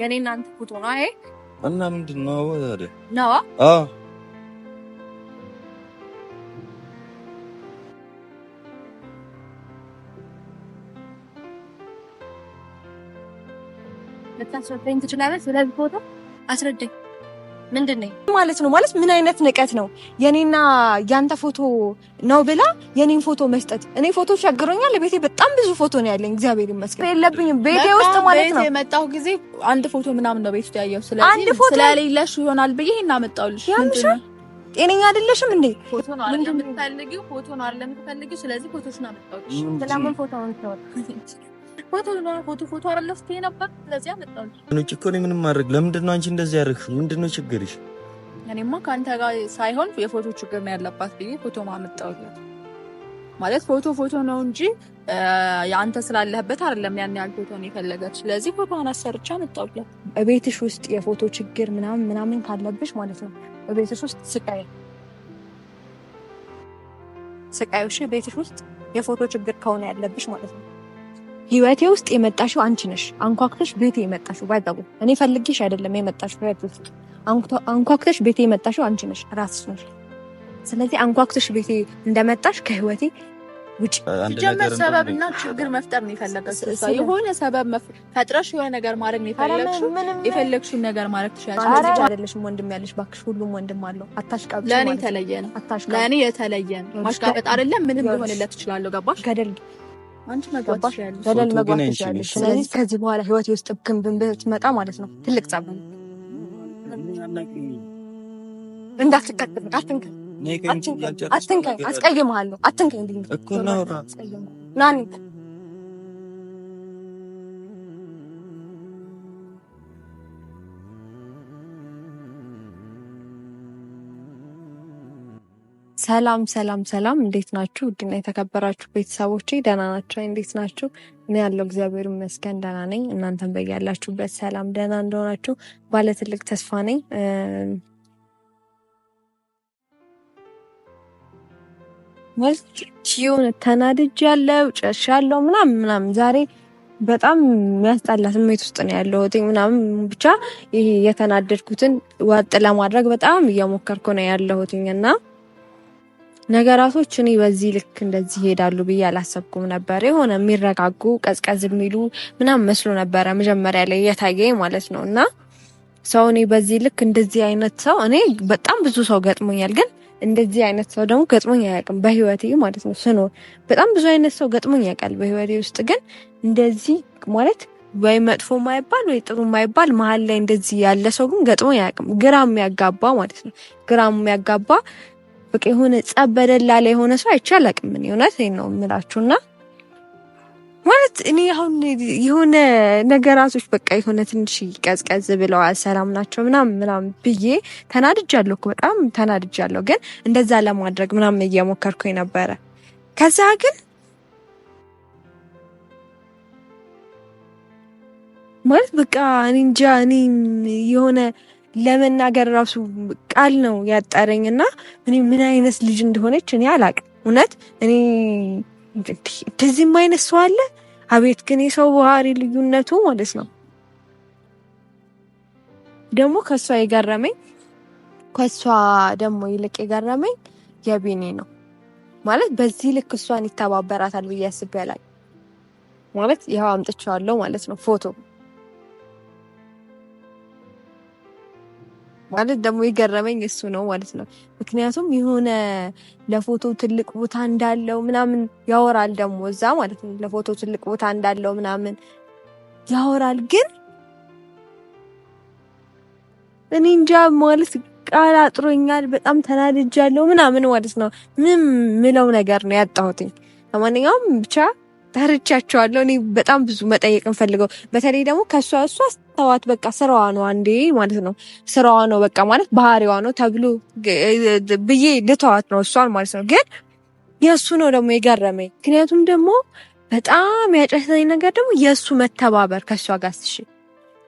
የኔ እናንተ ፎቶ ነው። አይ እና ምንድን ነው ታዲያ? ነው አ ልታስረዳኝ ትችላለህ? ስለዚህ ፎቶ አስረዳኝ። ምንድን ማለት ነው? ማለት ምን አይነት ንቀት ነው? የኔና ያንተ ፎቶ ነው ብላ የኔን ፎቶ መስጠት። እኔ ፎቶ ቸግሮኛል። ቤቴ በጣም ብዙ ፎቶ ነው ያለኝ፣ እግዚአብሔር ይመስገን። የለብኝም ቤቴ ውስጥ ማለት ነው። የመጣሁ ጊዜ አንድ ፎቶ ምናምን ነው ቤት ውስጥ ያየው። ስለዚህ ስለሌለሽ ይሆናል ብዬ ይሄን አመጣሁልሽ። ምንድን ነው ጤነኛ አይደለሽም እንዴ? ፎቶ ነው አለ የምትፈልጊው፣ ፎቶ ነው አለ የምትፈልጊው። ስለዚህ ፎቶሽን አመጣሁልሽ። ስለምን ፎቶ ነው ፎቶ ነው ፎቶ ፎቶ አይደለ ስትይ ነበር። ስለዚህ አመጣሁልሽ። ነው እኮ ነው ምንም ማድረግ ለምንድን ነው አንቺ እንደዚህ ያደረግሽ? ምንድን ነው ችግርሽ? እኔማ ከአንተ ጋር ሳይሆን የፎቶ ችግር ነው ያለባት ብዬ ፎቶ ማለት ፎቶ ፎቶ ነው እንጂ አንተ ስላለህበት አይደለም ያን ያህል ፎቶ ነው የፈለገች። ስለዚህ ፎቶን አሰርቻ አመጣሁልሽ። ቤትሽ ውስጥ የፎቶ ችግር ምናምን ምናምን ካለብሽ ማለት ነው ቤትሽ ውስጥ ስቃይ ስቃዮሽ ቤትሽ ውስጥ የፎቶ ችግር ከሆነ ያለብሽ ማለት ነው ህይወቴ ውስጥ የመጣሽው አንቺ ነሽ። አንኳክተሽ ቤቴ የመጣሽው ባይጠቁ እኔ ፈልጌሽ አይደለም የመጣሽው ህይወት ውስጥ አንኳክተሽ ቤቴ የመጣሽው አንቺ ነሽ፣ ራስሽ ነሽ። ስለዚህ አንኳክተሽ ቤቴ እንደመጣሽ ከህይወቴ ውጭ ሲጀመር ሰበብና ችግር መፍጠር ነው የፈለገችው። የሆነ ሰበብ ፈጥረሽ የሆነ ነገር ማድረግ ነው የፈለግሽው። የፈለግሽውን ነገር ማድረግ ትችላለሽ። አይደለሽም ወንድም ያለሽ እባክሽ፣ ሁሉም ወንድም አለው። አታሽቃብጭ። ለእኔ የተለየ ነው፣ ለእኔ የተለየ ነው። ማሽቃበጥ አይደለም ምንም ሊሆንለት ይችላለሁ። ገባሽ ገደል አንቺ መግባት ያለሽ መግባት ያለሽ። ስለዚህ ከዚህ በኋላ ህይወት ውስጥ ግንብን ብትመጣ ማለት ነው ትልቅ ጸብ እንዳትቀጥል። አትንከኝ፣ አትንከኝ፣ አስቀይምሃለሁ። ናኒ ሰላም ሰላም ሰላም፣ እንዴት ናችሁ? ውድና የተከበራችሁ ቤተሰቦች ደህና ናቸው። እንዴት ናችሁ? እኔ ያለው እግዚአብሔር ይመስገን ደህና ነኝ። እናንተም በያላችሁበት ሰላም ደህና እንደሆናችሁ ባለ ትልቅ ተስፋ ነኝ። ማለት ሆነ ተናድጅ ያለው ጨሽ ያለው ምናምን ምናምን ዛሬ በጣም የሚያስጠላ ስሜት ውስጥ ነው ያለሁት ምናምን ብቻ ይሄ የተናደድኩትን ወጥ ለማድረግ በጣም እየሞከርኩ ነው ያለሁት እና ነገራቶች እኔ በዚህ ልክ እንደዚህ ይሄዳሉ ብዬ አላሰብኩም ነበር። የሆነ የሚረጋጉ ቀዝቀዝ የሚሉ ምናምን መስሎ ነበረ መጀመሪያ ላይ እየታየኝ ማለት ነው። እና ሰው እኔ በዚህ ልክ እንደዚህ አይነት ሰው እኔ በጣም ብዙ ሰው ገጥሞኛል፣ ግን እንደዚህ አይነት ሰው ደግሞ ገጥሞኝ አያውቅም በህይወቴ ማለት ነው። ስኖር በጣም ብዙ አይነት ሰው ገጥሞኝ ያውቃል በህይወቴ ውስጥ፣ ግን እንደዚህ ማለት ወይ መጥፎ ማይባል ወይ ጥሩ ማይባል መሀል ላይ እንደዚህ ያለ ሰው ግን ገጥሞኝ አያውቅም። ግራ የሚያጋባ ማለት ነው። ግራ የሚያጋባ በቃ የሆነ ጸብ በደላ ላይ የሆነ ሰው አይቼ አላውቅም። እኔ እውነት ነው የምላችሁና ማለት እኔ አሁን የሆነ ነገራቶች በቃ የሆነ ትንሽ ቀዝቀዝ ብለዋል፣ ሰላም ናቸው ምናምን ምናምን ብዬ ተናድጃለሁ እኮ በጣም ተናድጃለሁ። ግን እንደዛ ለማድረግ ምናምን እየሞከርኩ ነበረ። ከዛ ግን ማለት በቃ እኔ እንጃ እኔ የሆነ ለመናገር ራሱ ቃል ነው ያጠረኝ እና እኔ ምን አይነት ልጅ እንደሆነች እኔ አላቅ እውነት እኔ እንደዚህም አይነት ሰው አለ። አቤት ግን የሰው ባህሪ ልዩነቱ ማለት ነው። ደግሞ ከእሷ የገረመኝ ከእሷ ደግሞ ይልቅ የገረመኝ የቤኔ ነው ማለት በዚህ ልክ እሷን ይተባበራታል ብዬ አስቤ አላቅም። ማለት ይኸው አምጥቼዋለሁ ማለት ነው ፎቶ ማለት ደግሞ የገረመኝ እሱ ነው ማለት ነው። ምክንያቱም የሆነ ለፎቶ ትልቅ ቦታ እንዳለው ምናምን ያወራል ደግሞ እዛ ማለት ነው። ለፎቶ ትልቅ ቦታ እንዳለው ምናምን ያወራል። ግን እኔ እንጃ ማለት ቃል አጥሮኛል። በጣም ተናድጃለሁ ምናምን ማለት ነው። ምን ምለው ነገር ነው ያጣሁትኝ። ለማንኛውም ብቻ ተርቻቸዋለሁ። እኔ በጣም ብዙ መጠየቅ እንፈልገው። በተለይ ደግሞ ከእሷ እሷ ተዋት፣ በቃ ስራዋ ነው አንዴ ማለት ነው ስራዋ ነው በቃ ማለት ባህሪዋ ነው ተብሎ ብዬ ልተዋት ነው እሷን ማለት ነው። ግን የእሱ ነው ደግሞ የገረመኝ። ምክንያቱም ደግሞ በጣም ያጨሰኝ ነገር ደግሞ የእሱ መተባበር ከእሷ ጋር ስሽ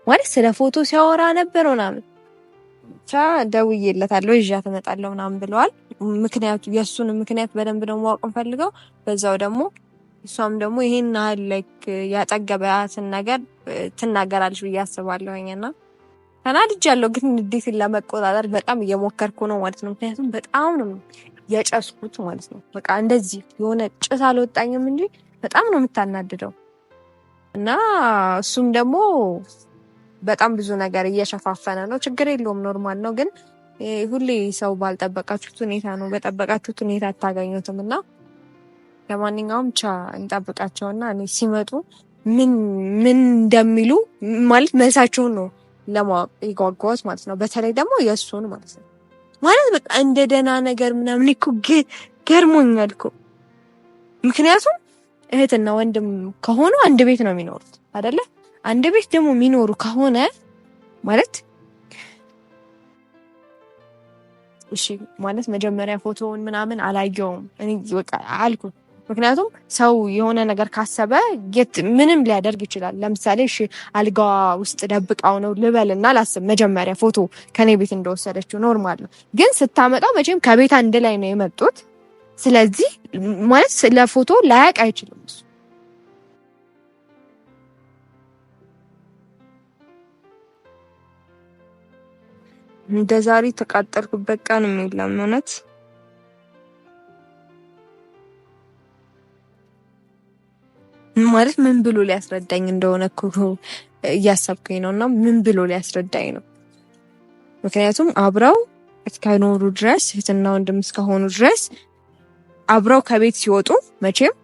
ማለት ስለ ፎቶ ሲያወራ ነበር ምናምን ብቻ ደውዬለታለሁ እዣ ትመጣለሁ ምናምን ብለዋል። ምክንያቱ የእሱን ምክንያት በደንብ ደግሞ ማወቅ እንፈልገው በዛው ደግሞ እሷም ደግሞ ይሄን ያህል ያጠገበያትን ነገር ትናገራለች ብዬ አስባለሁኝ እና ተናድጃለሁ፣ ግን ንዴትን ለመቆጣጠር በጣም እየሞከርኩ ነው ማለት ነው። ምክንያቱም በጣም ነው የጨስኩት ማለት ነው። በቃ እንደዚህ የሆነ ጭስ አልወጣኝም እንጂ በጣም ነው የምታናድደው እና እሱም ደግሞ በጣም ብዙ ነገር እየሸፋፈነ ነው። ችግር የለውም ኖርማል ነው። ግን ሁሌ ሰው ባልጠበቃችሁት ሁኔታ ነው፣ በጠበቃችሁት ሁኔታ አታገኙትም እና ለማንኛውም ብቻ እንጠብቃቸውና እኔ ሲመጡ ምን ምን እንደሚሉ ማለት መልሳቸውን ነው ለማወቅ የጓጓሁት ማለት ነው። በተለይ ደግሞ የእሱን ማለት ነው ማለት በቃ እንደ ደህና ነገር ምናምን እኮ ገርሞኛል እኮ ምክንያቱም እህትና ወንድም ከሆኑ አንድ ቤት ነው የሚኖሩት አይደለ? አንድ ቤት ደግሞ የሚኖሩ ከሆነ ማለት እሺ ማለት መጀመሪያ ፎቶውን ምናምን አላየውም እኔ በቃ አልኩ ምክንያቱም ሰው የሆነ ነገር ካሰበ ጌት ምንም ሊያደርግ ይችላል። ለምሳሌ እሺ አልጋዋ ውስጥ ደብቃው ነው ልበል እና ላስብ መጀመሪያ ፎቶ ከኔ ቤት እንደወሰደችው ኖርማል ነው። ግን ስታመጣው መቼም ከቤት አንድ ላይ ነው የመጡት። ስለዚህ ማለት ስለፎቶ ላያቅ አይችልም እሱ እንደ ዛሬ ተቃጠልኩበት ቀን የለም እውነት ማለት ምን ብሎ ሊያስረዳኝ እንደሆነ እኮ እያሰብኩኝ ነው። እና ምን ብሎ ሊያስረዳኝ ነው? ምክንያቱም አብረው እስከኖሩ ድረስ እህትና ወንድም እስከሆኑ ድረስ አብረው ከቤት ሲወጡ መቼም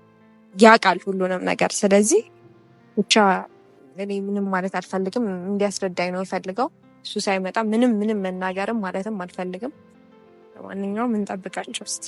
ያውቃል ሁሉንም ነገር። ስለዚህ ብቻ እኔ ምንም ማለት አልፈልግም። እንዲያስረዳኝ ነው የፈልገው። እሱ ሳይመጣ ምንም ምንም መናገርም ማለትም አልፈልግም። ለማንኛውም እንጠብቃቸው እስኪ።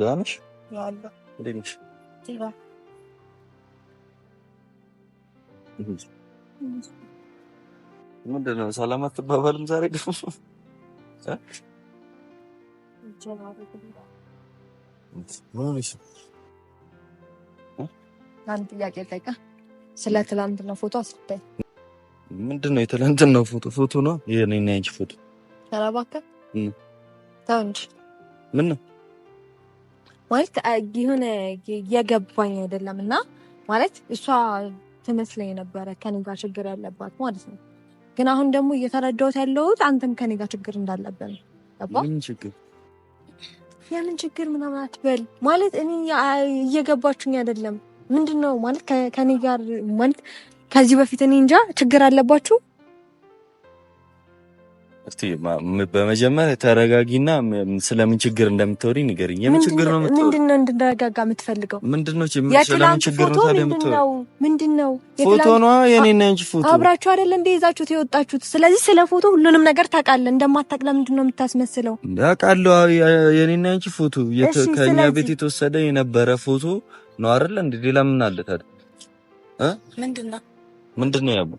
ደህና ነሽ? እንዴት ነሽ? ምንድን ነው ሰላም አትባባልም ዛሬ? አንድ ጥያቄ ጠይቃ ስለ ትላንትና ፎቶ አስታይ። ምንድን ነው የትላንትናው ፎቶ? ፎቶ ነው የኔና ያንቺ ፎቶ። ተረባከ ተው እንጂ ምን ነው ማለት የሆነ የገባኝ አይደለም እና ማለት እሷ ትመስለኝ ነበረ ከኔ ጋር ችግር ያለባት ማለት ነው። ግን አሁን ደግሞ እየተረዳሁት ያለሁት አንተም ከኔ ጋር ችግር እንዳለብን የምን ችግር ምናምን አትበል ማለት እኔ እየገባችሁኝ አይደለም። ምንድን ነው ማለት ከኔ ጋር ማለት ከዚህ በፊት እኔ እንጃ ችግር አለባችሁ እስቲ በመጀመሪያ ተረጋጊና ስለምን ችግር እንደምትወሪ ንገሪኝ። የምን ችግር ነው? ምንድን ነው እንድንረጋጋ የምትፈልገው? ምንድን ነው ምንድን ነው ፎቶ የኔና ፎቶ አብራችሁ አይደለ እንደ ይዛችሁት የወጣችሁት። ስለዚህ ስለ ፎቶ ሁሉንም ነገር ታውቃለህ። እንደማታውቅ ለምንድን ነው የምታስመስለው? አውቃለሁ። የኔና ፎቶ ቤት የተወሰደ የነበረ ፎቶ ነው አይደለ? እንደ ሌላ ምን አለ ታዲያ? ምንድን ነው ምንድን ነው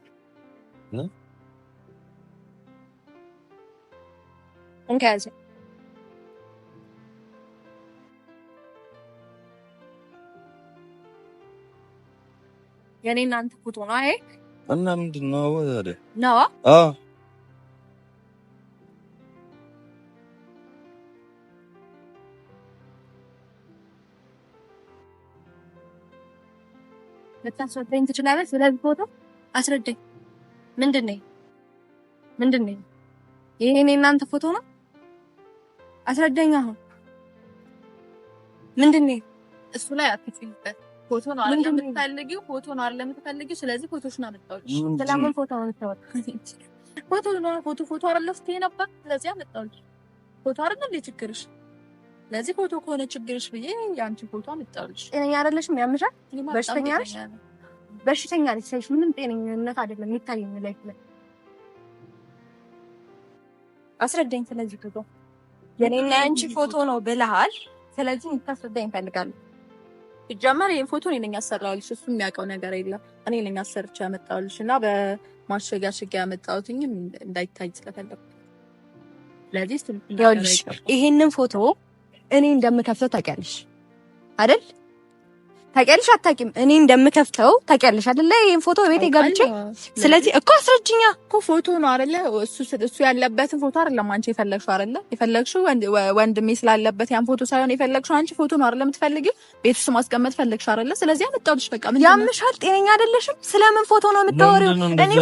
Un quinze. የኔ እናንተ ፎቶ ነው። አይ እና ምንድን ነው ታዲያ? ነው አዎ። ልታስረዳኝ ትችላለህ? ስለዚህ ፎቶ አስረዳኝ። ምንድን ነው ምንድን ነው ይሄ? የኔ እናንተ ፎቶ ነው አስረዳኝ። አሁን ምንድን እሱ ላይ አትጭኝበት። ፎቶ ነው አለ የምትፈልጊው? ፎቶ ነው አለ የምትፈልጊው? ስለዚህ ፎቶሽን አመጣሁልሽ። ስለምን ፎቶ ነው የምታወሪው? ፎቶ ነው ፎቶ ፎቶ አለ ስትይ ነበር። ስለዚህ አመጣሁልሽ። ፎቶ አይደል እንደ ችግርሽ። ለዚህ ፎቶ ከሆነ ችግርሽ ብዬ የአንቺ ፎቶ አመጣሁልሽ። ጤነኛ አይደለሽም፣ ያምሻል። በሽተኛ ነሽ፣ በሽተኛ ነሽ። ሳይሽ ምንም ጤነኝነት አይደለም የሚታየኝ ላይ አስረዳኝ። ስለዚህ ፎቶ የኔና አንቺ ፎቶ ነው ብለሃል። ስለዚህ እንድታስረዳኝ ይፈልጋሉ። ሲጀመር ይህን ፎቶ እኔ ነኝ ያሰራሁልሽ። እሱ የሚያውቀው ነገር የለም። እኔ ነኝ አሰርቼ ያመጣሁልሽ እና በማሸጊያ ሽጊያ ያመጣሁትኝ እንዳይታይ ስለፈለኩ። ስለዚህ ይሄንን ፎቶ እኔ እንደምከፍተው ታውቂያለሽ አይደል? ታውቂያለሽ አታውቂም? እኔ እንደምከፍተው ታውቂያለሽ አይደለ? ይሄን ፎቶ ቤቴ ገብቼ ስለዚህ እኮ አስረጅኛ እኮ ፎቶ ነው አይደለ? እሱ እሱ ያለበትን ፎቶ አይደለም አንቺ የፈለግሽው አይደለ? የፈለግሽው ወንድሜ ስላለበት ያን ፎቶ ሳይሆን የፈለግሽው አንቺ ፎቶ ነው አይደለ? የምትፈልጊው ቤት ውስጥ ማስቀመጥ ፈለግሽ አይደለ? ስለዚህ አመጣሁልሽ። በቃ ምን ያምሻል? ጤነኛ አይደለሽም። ስለምን ፎቶ ነው የምታወሪው? እኔ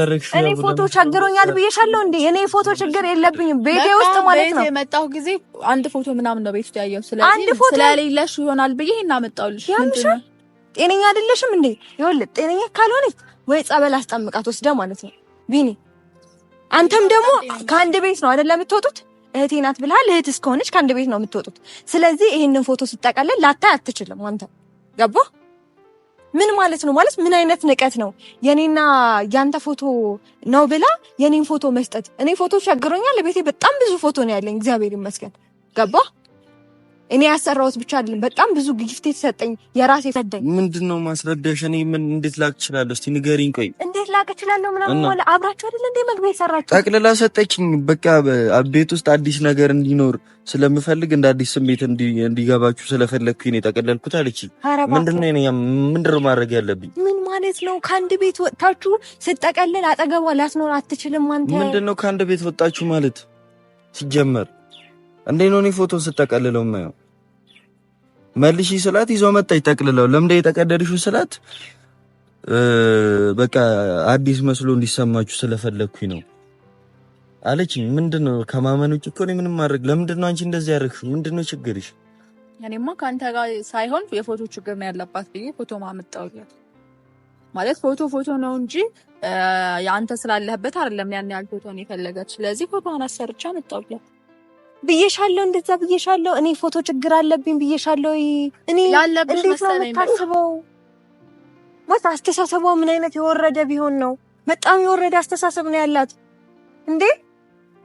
እኔ ፎቶ ቸግሮኛል ብዬሻለሁ እንዴ? እኔ ፎቶ ችግር የለብኝም ቤቴ ውስጥ ማለት ነው። የመጣሁ ጊዜ አንድ ፎቶ ምናምን ነው ቤት ውስጥ ያየው። ስለዚህ ስለሌለሽ ይሆናል ብዬ እናመጣሁልሽ። ያምሻል ጤነኛ አይደለሽም እንዴ? ይኸውልህ ጤነኛ ካልሆነች ወይ ጸበል አስጠምቃት ወስደ ማለት ነው። ቢኒ አንተም ደግሞ ከአንድ ቤት ነው አይደለም የምትወጡት? እህቴ ናት ብለሃል። እህት እስከሆነች ከአንድ ቤት ነው የምትወጡት። ስለዚህ ይህንን ፎቶ ስጠቀለል ላታይ አትችልም። አንተ ገባ ምን ማለት ነው? ማለት ምን አይነት ንቀት ነው? የኔና ያንተ ፎቶ ነው ብላ የኔን ፎቶ መስጠት። እኔ ፎቶ ቸግሮኛል። ቤቴ በጣም ብዙ ፎቶ ነው ያለኝ። እግዚአብሔር ይመስገን። ገባ እኔ ያሰራሁት ብቻ አይደለም፣ በጣም ብዙ ግፍት የተሰጠኝ የራሴ ሰደኝ። ምንድን ነው ማስረዳሽ? እኔ ምን እንዴት ላቅ እችላለሁ? እስቲ ንገሪኝ። ቆይ እንዴት ላክ እችላለሁ? ምናምን ሆነ አብራችሁ አይደለ እንዴ መግቢያ የሰራችሁ? ጠቅልላ ሰጠችኝ። በቃ ቤት ውስጥ አዲስ ነገር እንዲኖር ስለምፈልግ እንደ አዲስ ስሜት እንዲገባችሁ ስለፈለግኩ እኔ የጠቀለልኩት አለች። ምንድነው ነው ምንድን ነው ማድረግ ያለብኝ? ምን ማለት ነው? ከአንድ ቤት ወጥታችሁ ስጠቀልል አጠገቧ ላስኖር አትችልም አንተ። ምንድነው ነው ከአንድ ቤት ወጣችሁ ማለት ሲጀመር እንዴ ነው እኔ ፎቶ ስጠቀልለው ማየው መልሽ ስላት ይዞ መጣ ይጠቅልለው ለምደ የተቀደድሽው ስላት በቃ አዲስ መስሎ እንዲሰማችሁ ስለፈለግኩኝ ነው አለች። ምንድነው ከማመን ውጭ እኮ ምንም ማድረግ ለምንድነው አንቺ እንደዚህ ያደረግሽ? ምንድነው ችግርሽ? እኔማ ከአንተ ጋር ሳይሆን የፎቶ ችግር ነው ያለባት ብዬ ፎቶ ማመጣው ማለት ፎቶ ፎቶ ነው እንጂ አንተ ስላለህበት አይደለም ያን ያህል ፎቶን የፈለገች። ስለዚህ ፎቶን አሰርቻ መጣውላት ብዬሻለሁ፣ እንደዛ ብዬሻለሁ፣ እኔ ፎቶ ችግር አለብኝ ብዬሻለሁ። እኔ እንዴት ነው የምታስበው? ማለት አስተሳሰቧ ምን አይነት የወረደ ቢሆን ነው? በጣም የወረደ አስተሳሰብ ነው ያላት እንዴ።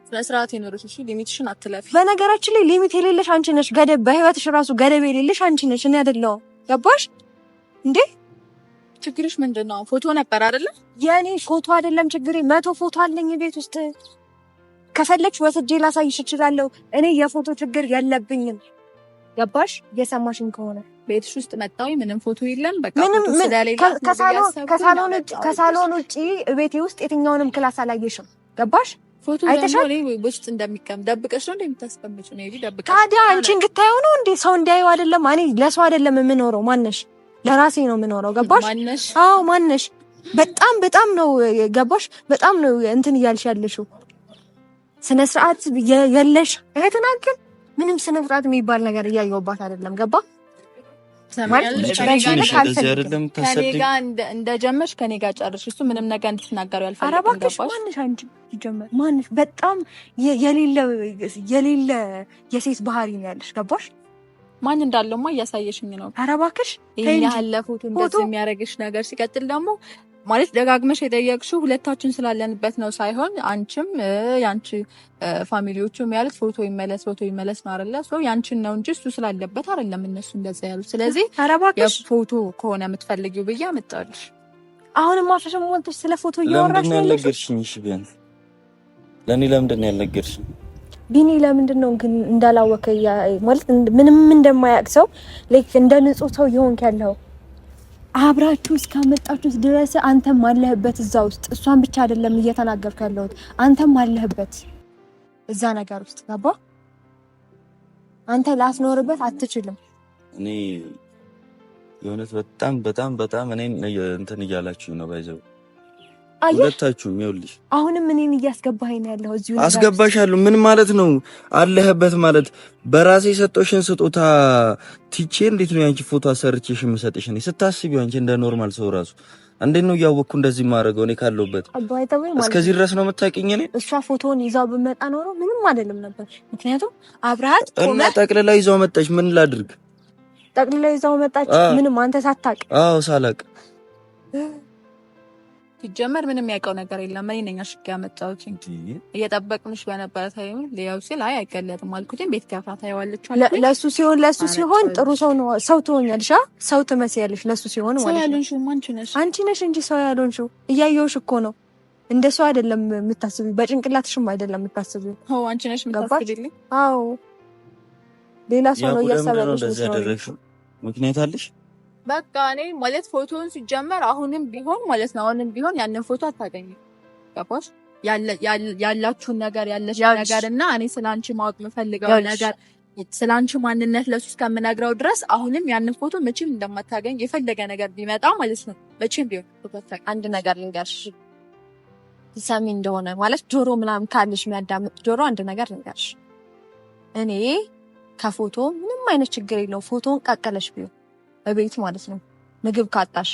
ስነስርዓት የኖረች እሺ፣ ሊሚትሽን አትለፊ። በነገራችን ላይ ሊሚት የሌለሽ አንቺ ነሽ። ገደብ በህይወትሽ ራሱ ገደብ የሌለሽ አንቺ ነሽ፣ እኔ አይደለሁ። ገባሽ እንዴ? ችግርሽ ምንድን ነው? ፎቶ ነበር አይደለም? የእኔ ፎቶ አይደለም ችግሬ። መቶ ፎቶ አለኝ ቤት ውስጥ ከፈለግሽ ወስጄ ላሳይሽ እችላለሁ። እኔ የፎቶ ችግር የለብኝም። ገባሽ? እየሰማሽኝ ከሆነ ቤትሽ ውስጥ መጣሁ፣ ምንም ፎቶ የለም። በቃ ከሳሎን ውጭ ቤቴ ውስጥ የትኛውንም ክላስ አላየሽም። ገባሽ? ፎቶ ውስጥ እንደሚቀም ደብቀሽ ነው እንደምታስቀምጪ ነው እንጂ ደብቀሽ ታዲያ አንቺ እንድታየው ነው እንዴ? ሰው እንዲያየው አይደለም። እኔ ለሰው አይደለም የምኖረው፣ ማነሽ? ለራሴ ነው የምኖረው። ገባሽ? አዎ ማነሽ? በጣም በጣም ነው ገባሽ? በጣም ነው እንትን እያልሽ ያለሽው ስነ ስርዓት የለሽ እህትናክል ምንም ስነ ስርዓት የሚባል ነገር እያየሁባት አይደለም። ገባ ከኔጋ እንደጀመርሽ ከኔ ጋር ጨርሽ። እሱ ምንም ነገር እንድትናገሩ ያልፈልግም። ማንሽ በጣም የሌለ የሴት ባህሪ ነው ያለሽ። ገባሽ? ማን እንዳለውማ እያሳየሽኝ ነው። ኧረ እባክሽ ያለፉት እንደዚህ የሚያደርግሽ ነገር ሲቀጥል ደግሞ ማለት ደጋግመሽ የጠየቅሽው ሁለታችን ስላለንበት ነው ሳይሆን አንቺም የአንቺ ፋሚሊዎቹ ያሉት ፎቶ ይመለስ ፎቶ ይመለስ ነው አለ ሰው ያንቺን ነው እንጂ እሱ ስላለበት አይደለም እነሱ እንደዛ ያሉት። ስለዚህ ፎቶ ከሆነ የምትፈልጊው ብዬ አመጣልሽ። አሁንም ማሻሻም ወንቶች ስለ ፎቶ እያወራሽ ነው ያልነገርሽኝ? እሺ ለእኔ ለምንድን ነው ያልነገርሽኝ? ቢኒ ለምንድን ነው ግን እንዳላወቀ ማለት ምንም እንደማያውቅ ሰው እንደ ንጹህ ሰው የሆንክ ያለው አብራችሁ እስካመጣችሁ ድረስ አንተም አለህበት እዛ ውስጥ። እሷን ብቻ አይደለም እየተናገርኩ ያለሁት አንተም አለህበት እዛ ነገር ውስጥ ገባ። አንተ ላስኖርበት አትችልም። እኔ የእውነት በጣም በጣም በጣም እኔ እንትን እያላችሁ ነው ባይዘው ሁለታችሁም ይኸውልሽ፣ አሁንም እኔን እያስገባኸኝ ነው ያለው። እዚሁ አስገባሻለሁ። ምን ማለት ነው? አለህበት ማለት በራሴ የሰጠሽን ስጦታ ትቼ እንዴት ነው ያንቺ ፎቶ አሰርቼሽ የምሰጥሽ? እኔ ስታስቢው አንቺ እንደ ኖርማል ሰው ራሱ እንዴት ነው እያወቅኩ እንደዚህ ማድረገው? እኔ ካለሁበት እስከዚህ ድረስ ነው የምታውቂኝ? እኔ እሷ ፎቶውን ይዛው ብመጣ ኖሮ ምንም አይደለም ነበር። ምክንያቱም አብረሃት እና ጠቅልላ ይዛው መጣች። ምን ላድርግ? ጠቅልላ ይዛው መጣች። ምንም አንተ ሳታውቅ? አዎ ሳላውቅ ሲጀመር ምንም ያውቀው ነገር የለም። እኔ ነኝ አሽጌ ያመጣሁት። እየጠበቅንሽ በነበረ ታይም ሊያው ሲል አይ አይገለጥም አልኩትም። ቤት ከፍታ ታየዋለች። ለእሱ ሲሆን ለእሱ ሲሆን ጥሩ ሰው ነው። ሰው ትሆኛለሽ፣ ሰው ትመስያለሽ። ለእሱ ሲሆን ሰው ያልሆንሽው አንቺ ነሽ፣ አንቺ ነሽ እንጂ ሰው ያልሆንሽው እያየሁሽ እኮ ነው። እንደ ሰው አይደለም የምታስቢ፣ በጭንቅላትሽም አይደለም የምታስቢ። አንቺ ነሽ የምታስቢልኝ። አዎ ሌላ ሰው ነው እያሰበልሽ። ምክንያት አለሽ በቃ እኔ ማለት ፎቶውን ሲጀመር አሁንም ቢሆን ማለት ነው፣ አሁንም ቢሆን ያንን ፎቶ አታገኝም። ገባሽ? ያላችሁን ነገር ያለሽ ነገር እና እኔ ስለአንቺ ማወቅ የምፈልገው ነገር ስለአንቺ ማንነት ለሱ እስከምነግረው ድረስ አሁንም ያንን ፎቶ መቼም እንደማታገኝ የፈለገ ነገር ቢመጣ ማለት ነው። መቼም ቢሆን አንድ ነገር ልንገርሽ ሰሚ እንደሆነ ማለት ጆሮ ምናምን ካለሽ የሚያዳምጥ ጆሮ አንድ ነገር ልንገርሽ፣ እኔ ከፎቶ ምንም አይነት ችግር የለው ፎቶን ቀቀለሽ ቢሆን በቤት ማለት ነው። ምግብ ካጣሽ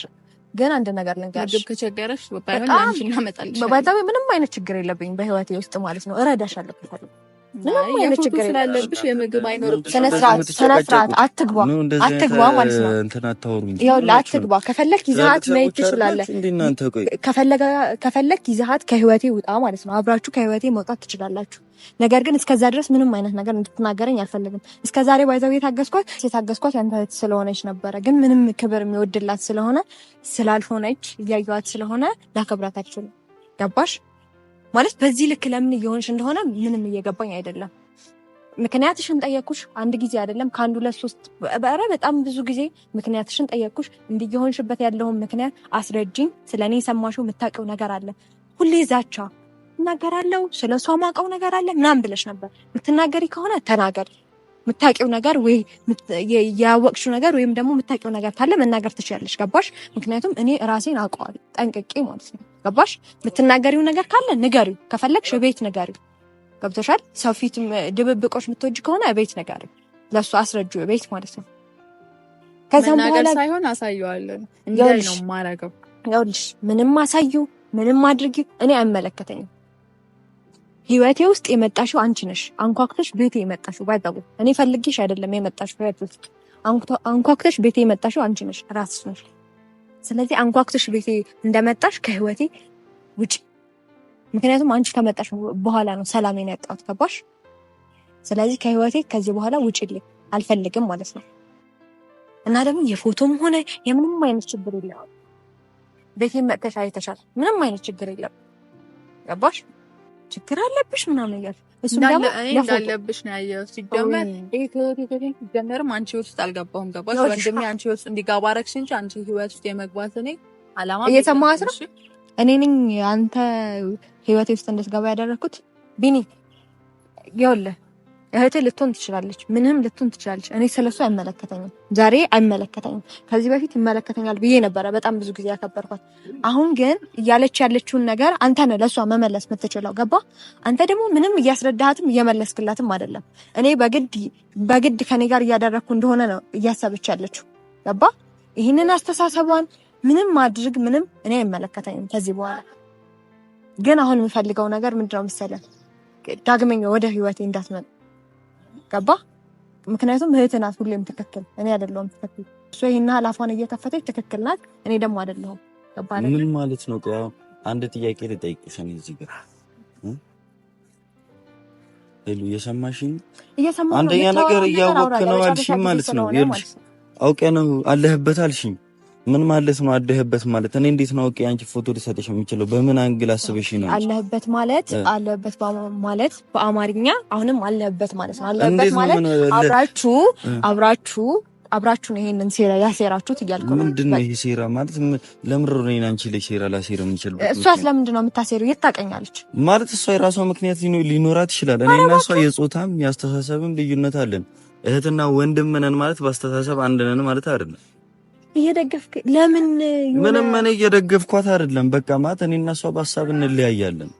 ግን አንድ ነገር ልንገርሽ፣ ምንም አይነት ችግር የለብኝ በህይወቴ ውስጥ ማለት ነው። እረዳሻለሁ። ምንም አይነት ችግር ስላለብሽ የምግብ አይኖርብሽ። ስነ ስርዓት ስነ ስርዓት አትግባ፣ አትግባ ማለት ነው። ይኸውልህ አትግባ። ከፈለክ መሄድ ትችላለህ። ከፈለክ ከህይወቴ ውጣ ማለት ነው። አብራችሁ ከህይወቴ መውጣት ትችላላችሁ። ነገር ግን እስከዛ ድረስ ምንም አይነት ነገር እንድትናገረኝ አልፈልግም። እስከ ዛሬ ባይዘው የታገስኳት የታገስኳት ያንተ እህት ስለሆነች ነበረ። ግን ምንም ክብር የሚወድላት ስለሆነ ስላልሆነች እያየዋት ስለሆነ ላከብራት አልችልም። ገባሽ? ማለት በዚህ ልክ ለምን እየሆንሽ እንደሆነ ምንም እየገባኝ አይደለም። ምክንያትሽን ጠየቅኩሽ አንድ ጊዜ አይደለም ከአንዱ ለሶስት በረ በጣም ብዙ ጊዜ ምክንያትሽን ጠየቅኩሽ። እንዲህ እየሆንሽበት ያለውን ምክንያት አስረጅኝ። ስለ እኔ የሰማሽው የምታውቂው ነገር አለ። ሁሌ ዛቻ እናገራለሁ፣ ስለ እሷ ማውቀው ነገር አለ ምናምን ብለሽ ነበር። የምትናገሪ ከሆነ ተናገሪ። የምታውቂው ነገር ወይ ያወቅሽው ነገር ወይም ደግሞ የምታውቂው ነገር ካለ መናገር ትችያለሽ። ገባሽ? ምክንያቱም እኔ ራሴን አውቀዋለሁ ጠንቅቄ ማለት ነው። ገባሽ? የምትናገሪው ነገር ካለ ንገሪው፣ ከፈለግሽ እቤት ንገሪው። ገብቶሻል? ሰው ፊት ድብብቆች የምትወጅ ከሆነ እቤት ንገሪው፣ ለእሱ አስረጁ፣ እቤት ማለት ነው። ከዛም በኋላ ሳይሆን አሳየዋለን ነው ማረገው። ይኸውልሽ ምንም አሳዩ፣ ምንም አድርጊ፣ እኔ አይመለከተኝም። ህይወቴ ውስጥ የመጣሽው አንቺ ነሽ። አንኳክተሽ ቤቴ የመጣሽው ባይጠቁ እኔ ፈልጌሽ አይደለም የመጣሽው ህይወት ውስጥ አንኳክተሽ ቤቴ የመጣሽው አንቺ ነሽ፣ ራስሽ ነሽ። ስለዚህ አንኳኩተሽ ቤቴ እንደመጣሽ ከህይወቴ ውጭ። ምክንያቱም አንቺ ከመጣሽ በኋላ ነው ሰላም ያጣሁት። ገባሽ? ስለዚህ ከህይወቴ ከዚህ በኋላ ውጭልኝ፣ አልፈልግም ማለት ነው። እና ደግሞ የፎቶም ሆነ የምንም አይነት ችግር የለም። ቤቴ መጥተሽ አይተሻል። ምንም አይነት ችግር የለም። ገባሽ? ችግር አለብሽ ምናምን ነገር እሱም ደግሞ እንዳለብሽ ነው ያየሁት። ሲጀመር ሲጀመርም አንቺ ህይወት ውስጥ አልገባሁም። ገባሽ ወንድሜ፣ አንቺ ህይወት ውስጥ እንዲገባ አደረግሽ እንጂ አንቺ ህይወት ውስጥ የመግባት እኔ አላማ እየሰማሁት ነው። እኔ ነኝ አንተ ህይወቴ ውስጥ እንድትገባ ያደረግኩት ቢኒ ይኸውልህ እህቴ ልትሆን ትችላለች፣ ምንም ልትሆን ትችላለች። እኔ ስለሱ አይመለከተኝም፣ ዛሬ አይመለከተኝም። ከዚህ በፊት ይመለከተኛል ብዬ ነበረ በጣም ብዙ ጊዜ ያከበርኳት። አሁን ግን እያለች ያለችውን ነገር አንተ ነህ ለእሷ መመለስ የምትችለው ገባ። አንተ ደግሞ ምንም እያስረዳሃትም እየመለስክላትም አይደለም። እኔ በግድ በግድ ከኔ ጋር እያደረግኩ እንደሆነ ነው እያሰበች ያለችው ገባ። ይህንን አስተሳሰቧን ምንም ማድረግ ምንም እኔ አይመለከተኝም ከዚህ በኋላ ግን አሁን የምፈልገው ነገር ምንድነው መሰለህ? ዳግመኛ ወደ ህይወቴ እንዳትመጣ ገባ። ምክንያቱም እህት ናት ሁሌም ትክክል፣ እኔ አይደለሁም ትክክል። እሱ ይህን ያህል እየከፈተች ትክክል ናት፣ እኔ ደግሞ አይደለሁም። ምን ማለት ነው? አንድ ጥያቄ ልጠይቅሽ እዚህ ጋር ሄሉ እየሰማሽኝ? አንደኛ ነገር እያወቅህ ነው አልሽኝ ማለት ነው። ይኸውልሽ አውቄ ነው አለህበት አልሽኝ ምን ማለት ነው አለህበት ማለት? እኔ እንዴት ነው ኦኬ፣ አንቺ ፎቶ ልሰጥሽ የምችለው በምን አንግል አስበሽ ነው? አለህበት ማለት አለህበት ማለት በአማርኛ አሁንም አለህበት ማለት ነው። አለህበት ማለት አብራችሁ አብራችሁ አብራችሁ ነው ይሄንን ሴራ ያሴራችሁት እያልኩ ነው። ምንድን ነው ይሄ ሴራ ማለት? ለምሮ ነው አንቺ ላይ ሴራ ላሴር የምችል እሷስ ለምንድን ነው የምታሴሩ? የት ታቀኛለች ማለት እሷ የራሷ ምክንያት ሊኖራት ይችላል። እኔ እና እሷ የጾታም ያስተሳሰብም ልዩነት አለን። እህትና ወንድም ነን ማለት በአስተሳሰብ አንድ ነን ማለት አይደለም። እየደገፍክ ለምን? ምንም እኔ እየደገፍኳት አይደለም። በቃ ማለት እኔ እና እሷ በሀሳብ እንለያያለን።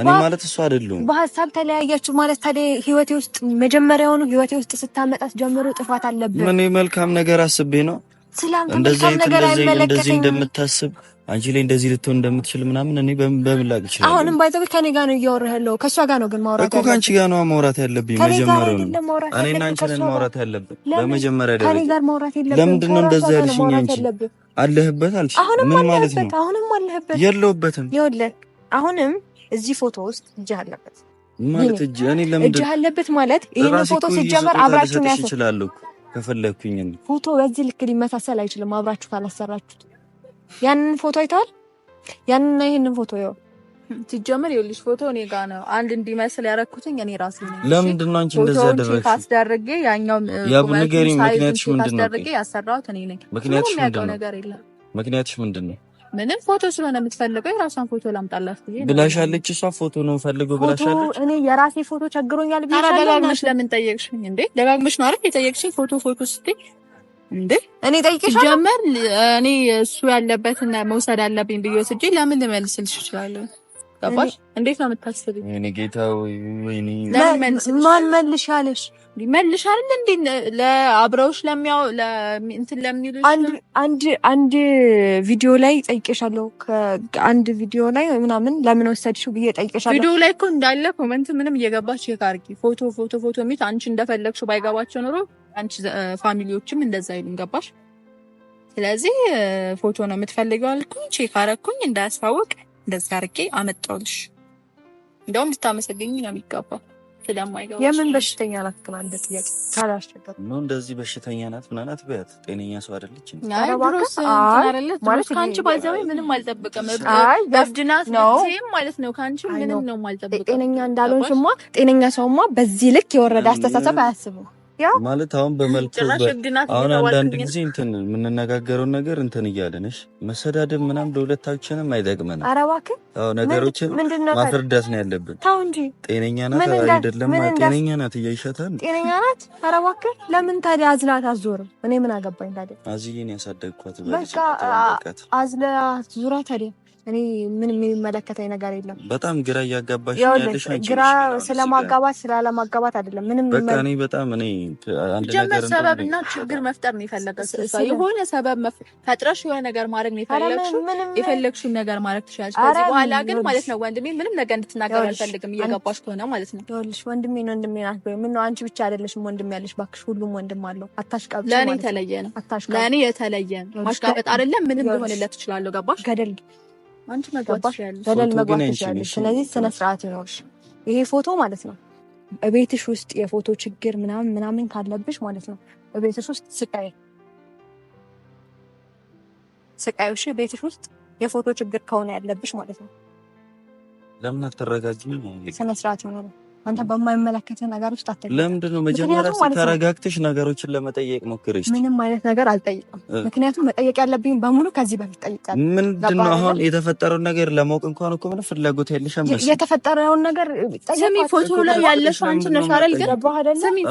እኔ ማለት እሷ አይደለሁም። በሀሳብ ተለያያችሁ ማለት ታዲያ ህይወቴ ውስጥ መጀመሪያውኑ ህይወቴ ውስጥ ስታመጣት ጀምሮ ጥፋት አለብን። እኔ መልካም ነገር አስቤ ነው። እንደዚህ ነገር እንደዚህ እንደምታስብ አንቺ ላይ እንደዚህ ልትሆን እንደምትችል ምናምን እኔ በምን ላቅ ይችላል። አሁንም ባይዘው ከኔ ጋር ነው እያወራህ ያለው፣ ከእሷ ጋር ነው ግን ማውራት እኮ ከአንቺ ጋር ነው ማውራት ያለብኝ። መጀመሪያ እኔ እና አንቺ ነን ማውራት ያለብን። በመጀመሪያ ደረጃ ከኔ ጋር ማውራት የለብን። ለምንድን ነው እንደዛ ያልሽኝ? አንቺ አለህበት አልሽ። ምን ማለት ነው? አሁንም አለህበት። የለሁበትም። ይኸውልህ አሁንም እዚህ ፎቶ ውስጥ እጅ አለበት ማለት እጅ እኔ ለምን እጅ አለበት ማለት ይሄን ፎቶ ሲጀመር አብራችሁ ነው ያሰራችሁ። ከፈለኩኝ ፎቶ በዚህ ልክ ሊመሳሰል አይችልም አብራችሁ ካላሰራችሁት ያንን ፎቶ አይተሃል? ያንንና ይህንን ፎቶ ይኸው ሲጀምር ይኸውልሽ ፎቶ እኔ ጋ ነው። አንድ እንዲመስል ያደረኩትኝ እኔ ራሴ ነኝ። ለምንድን ነው አንቺ እንደዛ ያደረግሽ? ካስደረገ ያኛው ያቡ ነገር ምክንያትሽ ምንድን ነው? ያሰራሁት እኔ ነኝ። ምክንያትሽ ምንድን ነው? ምክንያትሽ ምንድን ነው? ምንም ፎቶ ስለሆነ የምትፈልገው የራሷን ፎቶ ላምጣላት ብላሻለች። እሷ ፎቶ ነው ፈልገው ብላሻለች። እኔ የራሴ ፎቶ ቸግሮኛል ብዬሽ ደጋግመሽ ለምን ጠየቅሽኝ እንዴ? ደጋግመሽ ነው አይደል የጠየቅሽኝ ፎቶ ፎቶ ስትይ እንዴ እኔ ጠይቄሻለሁ። ጀመር እኔ እሱ ያለበትና መውሰድ አለብኝ ብዬ ወስጄ ለምን ልመልስልሽ እችላለሁ? ገባሽ? እንዴት ነው የምታስብኝ? እኔ ጌታ ወይኔ ማን መልሻለሽ? መልሻል እንዴ ለአብረውሽ ለሚያው እንትን ለሚሉ አንድ አንድ ቪዲዮ ላይ ጠይቄሻለሁ። አንድ ቪዲዮ ላይ ምናምን ለምን ወሰድሽው ብዬ ጠይቄሻለሁ። ቪዲዮ ላይ እኮ እንዳለ ኮመንት ምንም እየገባች የካርጊ ፎቶ ፎቶ ፎቶ የሚት አንቺ እንደፈለግሽው ባይገባቸው ኖሮ አንቺ ፋሚሊዎችም እንደዛ ይሉን ገባሽ። ስለዚህ ፎቶ ነው የምትፈልገው አልኩኝ። ቼክ አረኩኝ እንዳያስታውቅ እንደዚህ አርጌ አመጣውልሽ። እንደውም ልታመሰገኝ ነው የሚገባ። የምን በሽተኛ ናት ግን አንድ ጥያቄ ካላስቸገር ነው እንደዚህ በሽተኛ ናት ምናናት ብያት ጤነኛ ሰው አደለች ማለት ከአንቺ ባይዛዊ ምንም አልጠብቅም። በብድናት ም ማለት ነው ከአንቺ ምንም ነው የማልጠብቀው። ጤነኛ እንዳልሆንሽማ ጤነኛ ሰውማ በዚህ ልክ የወረደ አስተሳሰብ አያስብም። ማለት አሁን በመልክ አሁን አንዳንድ ጊዜ እንትን የምንነጋገረውን ነገር እንትን እያለንሽ መሰዳደብ ምናም ለሁለታችንም አይጠቅመንም። ነገሮችን ማስረዳት ነው ያለብን። ተው እንጂ ጤነኛ ናት አይደለም? ጤነኛ ናት እያይሻታል። ጤነኛ ናት። ኧረ እባክህ ለምን ታዲያ አዝላት አዞርም? እኔ ምን አገባኝ ታዲያ። አዝዬን ያሳደግኳት በቃ አዝላት ዙራ ታዲያ እኔ ምን የሚመለከተኝ ነገር የለም። በጣም ግራ እያጋባሽ ግራ ስለማጋባት ስላለማጋባት አይደለም። ምንም በቃ እኔ በጣም እኔ ጀመር ሰበብ እና ችግር መፍጠር ነው የፈለገ የሆነ ሰበብ ፈጥረሽ የሆነ ነገር ማድረግ ነው የፈለግሽው። የፈለግሽውን ነገር ማድረግ ትችላለች። ከዚህ በኋላ ግን ማለት ነው ወንድሜ ምንም ነገር እንድትናገር አልፈልግም። እየገባሽ ከሆነ ማለት ነው ይኸውልሽ፣ ወንድሜ ናት። አትበይው። ምነው አንቺ ብቻ አይደለሽም ወንድሜ ያለሽ፣ እባክሽ ሁሉም ወንድም አለው። አታሽቃብ። ለእኔ የተለየ ነው፣ ለእኔ የተለየ ማሽቃበጥ አይደለም። ምንም ሊሆንለት ትችላለሁ። ገባሽ ገደል አንቺ መግባትሽ ገደል መግባት ትችላለሽ። ስለዚህ ስነ ስርዓት ይኖርሽ። ይሄ ፎቶ ማለት ነው እቤትሽ ውስጥ የፎቶ ችግር ምናምን ምናምን ካለብሽ ማለት ነው እቤትሽ ውስጥ ስቃይ ስቃዮሽ ቤትሽ ውስጥ የፎቶ ችግር ከሆነ ያለብሽ ማለት ነው። ለምን አትረጋጊ? ስነ ስርዓት ይኖረው አንተ በማይመለከተ ነገር ውስጥ አትገባ። ለምንድን ነው መጀመሪያ ተረጋግተሽ ነገሮችን ለመጠየቅ ሞክረሽ? ምንም አይነት ነገር አልጠይቅም። ምክንያቱም መጠየቅ ያለብኝ በሙሉ ከዚህ በፊት ጠይቃል። ምንድን ነው አሁን የተፈጠረውን ነገር ለማወቅ እንኳን እኮ ምን ፍላጎት የለሽም። የተፈጠረውን ነገር ስሚ፣ ፎቶ ላይ ያለሽ አንቺ ነሽ አይደል? ግን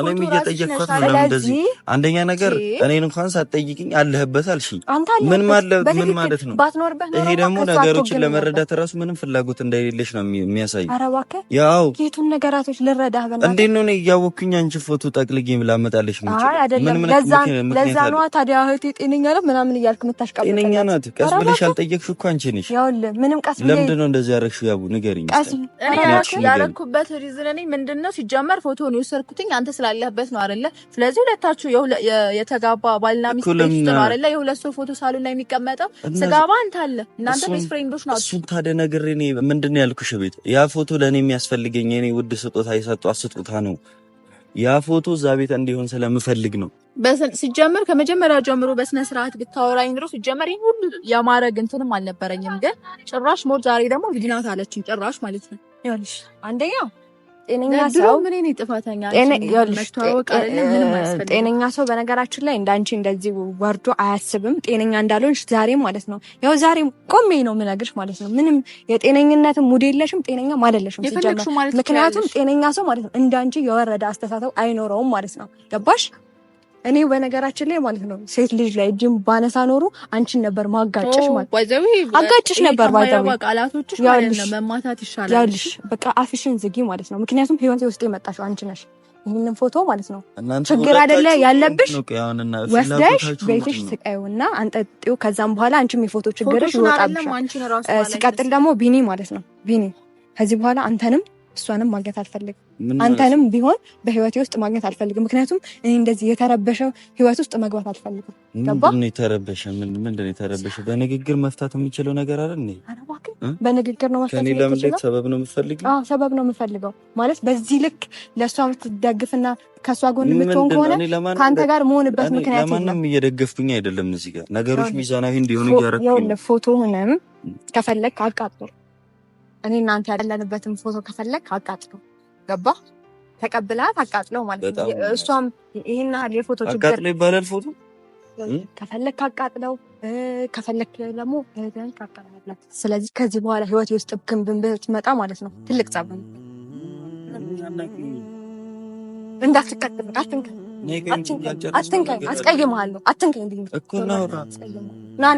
እኔም እየጠየቅኳት ነው። ለምን እንደዚህ? አንደኛ ነገር እኔን እንኳን ሳትጠይቅኝ አለህበት አልሽኝ። ምን ማለት ነው? ይሄ ደግሞ ነገሮችን ለመረዳት እራሱ ምንም ፍላጎት እንደሌለሽ ነው የሚያሳይ። ያው የቱን ነገር ምክንያቶች ልረዳህ። በእናትህ እንዴት ነው እኔ እያወኩኝ አንቺ ፎቶ ጠቅልጌ ላመጣልሽ? ለዛ ነዋ። ታዲያ እህቴ ጤነኛ ነው ምናምን እያልክ የምታሽቃብጠኝ ጤነኛ ናት። ቀስ ብለሽ አልጠየቅሽ እኮ አንቺ ነሽ። ይኸውልህ፣ ምንም ቀስ ብለሽ ለምንድን ነው እንደዚህ ያደረግሽው? ያቡ ንገሪኝ። ያደረኩበት ሪዝን እኔ ምንድን ነው ሲጀመር ፎቶ ነው የወሰድኩትኝ አንተ ስላለህበት ነው አይደለ? ስለዚህ ሁለታችሁ የተጋባ ባልና ሚስት ነው አይደለ? የሁለት ሰው ፎቶ ሳሉ ላይ የሚቀመጠው ስጋባ አንተ አለ እናንተ ቤስት ፍሬንዶች ናችሁ። እሱን ታዲያ ነግሬ እኔ ምንድን ነው ያልኩሽ ቤት ያ ፎቶ ለእኔ የሚያስፈልገኝ የእኔ ውድ ስጦታ የሰጧት ስጦታ ነው። ያ ፎቶ እዛ ቤት እንዲሆን ስለምፈልግ ነው። ሲጀመር ከመጀመሪያ ጀምሮ በስነ ስርዓት ብታወራኝ ድሮ ሲጀመር ይህ ሁሉ የማድረግ እንትንም አልነበረኝም። ግን ጭራሽ ሞድ ዛሬ ደግሞ ግድናት አለችኝ። ጭራሽ ማለት ነው። ይኸውልሽ አንደኛው ጤነኛ ሰው በነገራችን ላይ እንዳንቺ እንደዚህ ወርዶ አያስብም። ጤነኛ እንዳልሆንሽ ዛሬ ማለት ነው፣ ያው ዛሬ ቆሜ ነው የምነግርሽ ማለት ነው። ምንም የጤነኝነት ሙድ የለሽም፣ ጤነኛ አይደለሽም ሲጀመር። ምክንያቱም ጤነኛ ሰው ማለት ነው እንዳንቺ የወረደ አስተሳሰብ አይኖረውም ማለት ነው። ገባሽ? እኔ በነገራችን ላይ ማለት ነው ሴት ልጅ ላይ እጅም ባነሳ ኖሮ አንቺን ነበር ማጋጨሽ፣ ማለት አጋጭሽ ነበር። መማታት ያልሽ በቃ አፍሽን ዝጊ ማለት ነው። ምክንያቱም ህይወቴ ውስጥ የመጣሽው አንቺ ነሽ። ይህንን ፎቶ ማለት ነው ችግር አይደለ ያለብሽ፣ ወስደሽ ቤትሽ ስቀዩና አንጠጤው። ከዛም በኋላ አንቺም የፎቶ ችግርሽ ይወጣብሻል። ሲቀጥል ደግሞ ቢኒ ማለት ነው ቢኒ ከዚህ በኋላ አንተንም እሷንም ማግኘት አልፈልግም። አንተንም ቢሆን በህይወቴ ውስጥ ማግኘት አልፈልግም። ምክንያቱም እኔ እንደዚህ የተረበሸው ህይወት ውስጥ መግባት አልፈልግም። ምንድነው የተረበሸ? ምንድን የተረበሸ? በንግግር መፍታት የሚችለው ነገር አለ። በንግግር ነው መፍታት። ለምን ሰበብ ነው የምፈልገው? ሰበብ ነው የምፈልገው ማለት በዚህ ልክ ለእሷ የምትደግፍና ከእሷ ጎን የምትሆን ከሆነ ከአንተ ጋር መሆንበት ምክንያት ለማንም እየደገፍኩኝ አይደለም። እዚህ ጋር ነገሮች ሚዛናዊ እንዲሆኑ እያረ ፎቶ ሆነም ከፈለግ አቃጥሎ እኔ እናንተ ያለንበትን ፎቶ ከፈለግ አቃጥሎ ገባ ተቀብላት አቃጥሎ ማለት ነው። እሷም ይህን ያህል የፎቶ ችግር አቃጥለው ይባላል። ፎቶ ከፈለግ አቃጥለው፣ ከፈለግ ደግሞ አቃጥላት። ስለዚህ ከዚህ በኋላ ህይወት ውስጥ ክንብን ብትመጣ ማለት ነው ትልቅ ጸብ እንዳትቀጥል አትንከን አትንከኝ አስቀይምሃለሁ። አትንከን ና